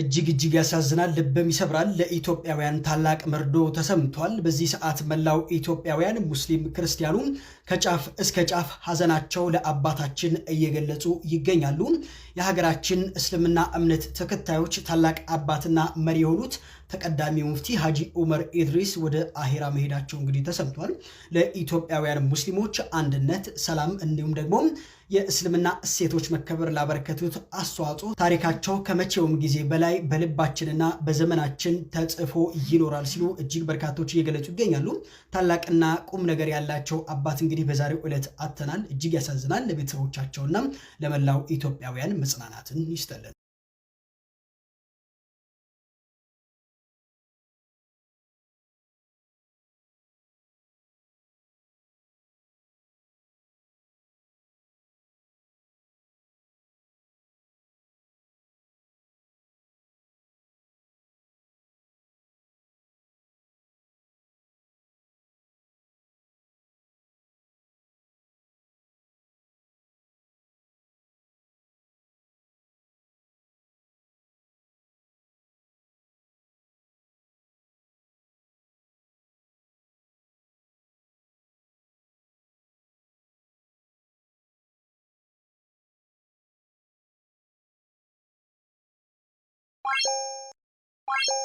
እጅግ እጅግ ያሳዝናል፣ ልብም ይሰብራል። ለኢትዮጵያውያን ታላቅ መርዶ ተሰምቷል። በዚህ ሰዓት መላው ኢትዮጵያውያን ሙስሊም ክርስቲያኑ ከጫፍ እስከ ጫፍ ሐዘናቸው ለአባታችን እየገለጹ ይገኛሉ። የሀገራችን እስልምና እምነት ተከታዮች ታላቅ አባትና መሪ የሆኑት ተቀዳሚ ሙፍቲ ሀጂ ኡመር ኢድሪስ ወደ አሄራ መሄዳቸው እንግዲህ ተሰምቷል። ለኢትዮጵያውያን ሙስሊሞች አንድነት፣ ሰላም እንዲሁም ደግሞ የእስልምና እሴቶች መከበር ላበረከቱት አስተዋጽኦ ታሪካቸው ከመቼውም ጊዜ በላይ በላይ በልባችንና በዘመናችን ተጽፎ ይኖራል ሲሉ እጅግ በርካቶች እየገለጹ ይገኛሉ። ታላቅና ቁም ነገር ያላቸው አባት እንግዲህ በዛሬው ዕለት አተናል። እጅግ ያሳዝናል። ለቤተሰቦቻቸውና ለመላው ኢትዮጵያውያን መጽናናትን ይስጠልን። you